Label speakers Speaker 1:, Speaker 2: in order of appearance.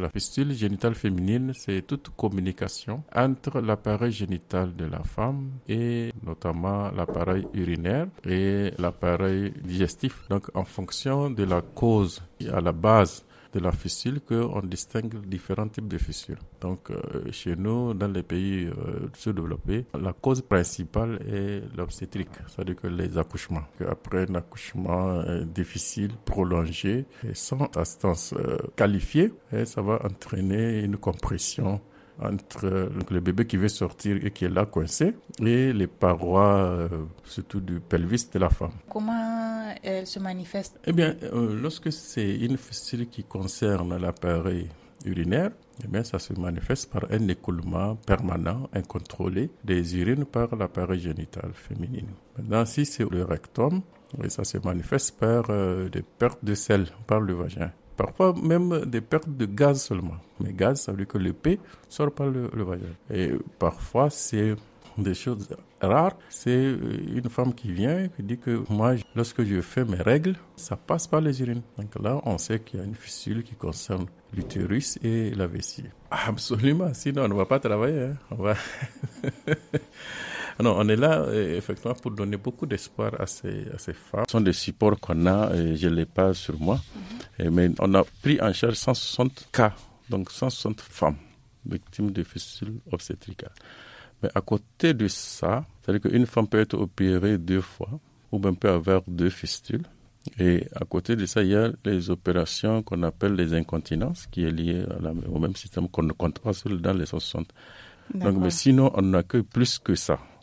Speaker 1: La fistule génitale féminine, c'est toute communication entre l'appareil génital de la femme et notamment l'appareil urinaire et l'appareil digestif. Donc, en fonction de la cause à la base de la fissure qu'on distingue différents types de fissures. Donc, euh, chez nous, dans les pays euh, sous-développés, la cause principale est l'obstétrique, c'est-à-dire que les accouchements. Après un accouchement euh, difficile, prolongé, sans assistance qualifiée, hein, ça va entraîner une compression entre euh, le bébé qui veut sortir et qui est là coincé et les parois, euh, surtout du pelvis de la femme. Comment euh, elle se manifeste Eh bien, lorsque c'est une fistule qui concerne l'appareil urinaire, eh bien, ça se manifeste par un écoulement permanent, incontrôlé des urines par l'appareil génital féminin. Maintenant, si c'est le rectum, eh, ça se manifeste par des pertes de sel par le vagin. Parfois même des pertes de gaz seulement. Mais gaz, ça veut dire que le P sort par le, le vagin. Et parfois, c'est des choses rares. C'est euh, une femme qui vient qui dit que moi, lorsque je fais mes règles, ça passe par les urines. Donc là, on sait qu'il y a une fissure qui concerne l'utérus et la vessie. Absolument, sinon on ne va pas travailler. Hein. On va... non, on est là euh, effectivement pour donner beaucoup d'espoir à ces, à ces femmes. Ce sont des supports qu'on a, et je ne l'ai pas sur moi mais on a pris en charge 160 cas, donc 160 femmes victimes de fistules obstétricales. Mais à côté de ça, c'est-à-dire qu'une femme peut être opérée deux fois, ou même peut avoir deux fistules. Et à côté de ça, il y a les opérations qu'on appelle les incontinences, qui est liée à au même système qu'on ne compte pas dans les 160. Donc, mais sinon, on n'accueille plus que ça.